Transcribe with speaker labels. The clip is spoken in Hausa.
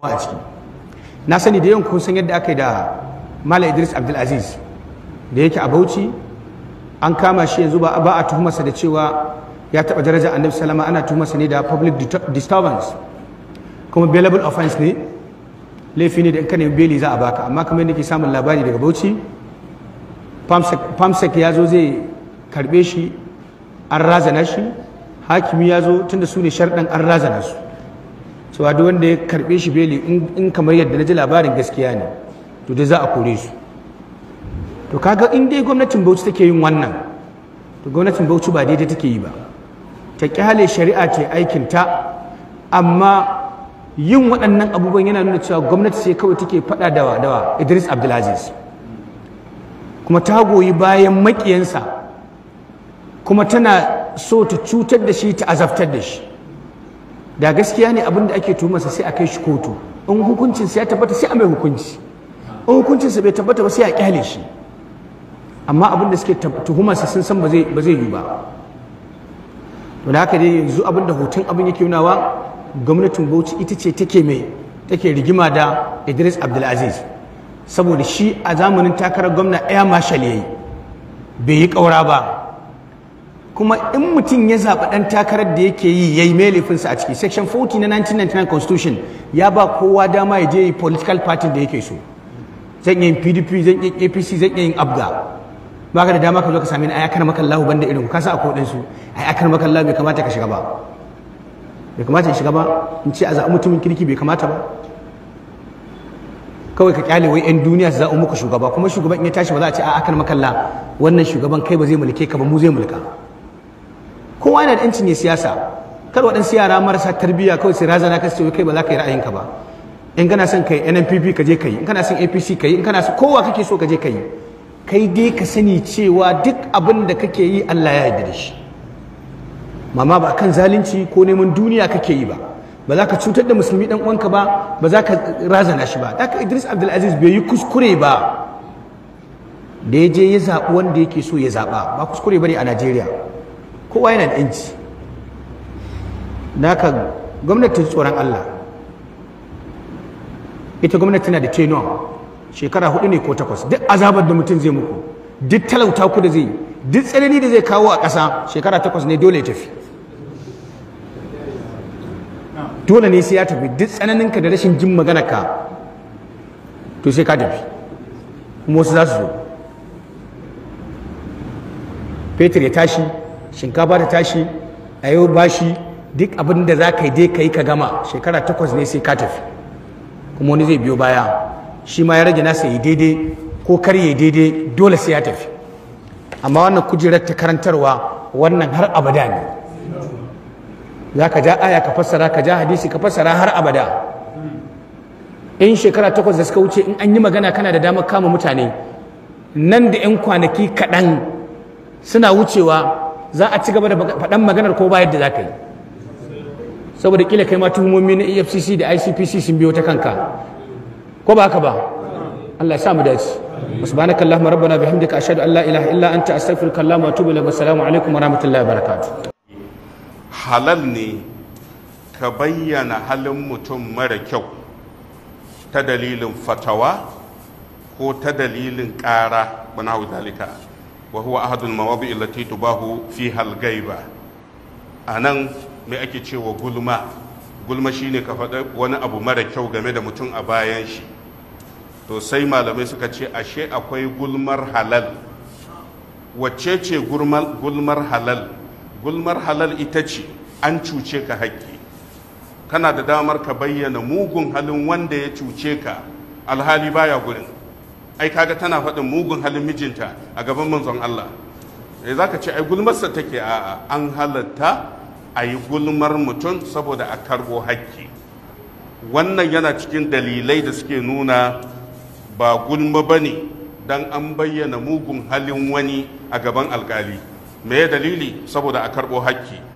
Speaker 1: kowa a ciki na sani da yawan kun san yadda aka yi da mala idris abdulaziz da yake a bauchi an kama shi yanzu ba a tuhumarsa da cewa ya taɓa darajar annabi salama ana tuhumarsa ne da public disturbance kuma bailable offense ne laifi ne da in ka nemi beli za a baka amma kamar yadda ke samun labari daga bauchi famsek ya zo zai karbe shi an razana shi hakimi ya zo tunda su ne sharɗan an razana su su duk wanda ya karbe shi beli in kamar yadda na ji labarin gaskiya ne to dai za a kore su to kaga in dai gwamnatin Bauchi take yin wannan to gwamnatin Bauchi ba daidai take yi ba ta kyale shari'a ce aikinta amma yin waɗannan abubuwan yana nuna cewa gwamnati sai kawai take faɗa dawa dawa Idris Abdulaziz kuma ta goyi bayan makiyansa kuma tana so ta cutar da shi ta azabtar da shi da gaskiya ne abin da ake tuhumarsa sai a kai shi kotu in hukuncinsa ya tabbata sai a mai hukunci in hukuncinsa bai tabbata ba sai a kyale shi amma abin da suke tuhumarsa sun san ba zai yi ba to da haka dai yanzu abin da hoton abin yake nunawa gwamnatin bauchi ita ce take mai take rigima da idris abdulaziz saboda shi a zamanin takarar gwamna air marshal ya bai yi ƙaura ba kuma in mutum ya zaɓi ɗan takarar da yake yi ya yi mai laifinsa a ciki section 40 na 1999 constitution ya ba kowa dama ya je yi political party da yake so zan yin pdp zan yin apc zan yin abga ba ka da dama ka zo ka sami ni ayakar makan lahu banda irin ku sa a kodin su ayakar makan lahu bai kamata ka shiga ba bai kamata ka shiga ba in ce a zaɓi mutumin kirki bai kamata ba kawai ka kyale wai 'yan duniya su zaɓi muku shugaba kuma shugaban in ya tashi ba za a ce a akar makalla wannan shugaban kai ba zai mulke ka ba mu zai mulka kowa yana da yancin ne siyasa kar waɗansu yara marasa tarbiyya kawai su razana ka ce kai ba za ka yi ra'ayinka ba in kana son kai NNPP ka je ka in kana son APC ka yi in kana son kowa kake so ka je ka kai dai ka sani cewa duk abin da kake yi Allah ya yarda da shi mama ba kan zalunci ko neman duniya kake yi ba ba za ka cutar da musulmi dan uwanka ba ba za ka razana shi ba haka Idris Abdulaziz bai yi kuskure ba da ya je ya zaɓi wanda yake so ya zaɓa ba kuskure bane a Najeriya kowa yana da yanci naka gwamnatin tsoron Allah ita gwamnati tana da tenor shekara hudu ne ko takwas duk azabar da mutum zai muku duk talauta ku da zai duk tsanani da zai kawo a ƙasa shekara takwas ne dole ya tafi dole ne sai ya tafi duk tsananinka da rashin jin maganarka to sai ka tafi kuma wasu za su zo fetur ya tashi shinkafa ta tashi a yau bashi duk abin da za ka yi dai ka yi ka gama shekara takwas ne sai ka tafi kuma wani zai biyo baya shi ma ya rage nasa yi daidai ko kar ya daidai dole sai ya tafi amma wannan kujerar ta karantarwa wannan har abada ne za ka ja aya ka fassara ka ja hadisi ka fassara har abada in shekara takwas da suka wuce in an yi magana kana da damar kama mutane nan da 'yan kwanaki kaɗan suna wucewa za a ci gaba da faɗan maganar ko ba da za ka yi saboda kila kai ma tuhumomi na efcc da icpc sun biyo ta kanka ko ba haka ba allah ya sa mu dace subhanaka allahumma rabbana bihamdika ashhadu an la ilaha illa anta astaghfiruka wa atubu ilaik assalamu alaikum wa rahmatullahi wa barakatuh
Speaker 2: halal ne ka bayyana halin mutum mara kyau ta dalilin fatawa ko ta dalilin ƙara wani hu dalika wa huwa ahadul mawadi allati tubahu fiha al-ghaiba anan me ake cewa gulma gulma shine ka faɗa wani abu mara kyau game da mutum a bayan shi to sai malamai suka ce ashe akwai gulmar halal wacce ce gulmar halal gulmar halal ita ce an cuce ka haƙƙi kana da damar ka bayyana mugun halin wanda ya cuce ka alhali baya gurin ai kaga tana faɗin mugun halin mijinta a gaban manzon Allah eh zaka ce ai gulmarsa take a an halatta a yi gulmar mutum saboda a karbo haƙƙi wannan yana cikin dalilai da suke nuna ba gulma bane dan an bayyana mugun halin wani a gaban alkali me dalili saboda a karbo haƙƙi.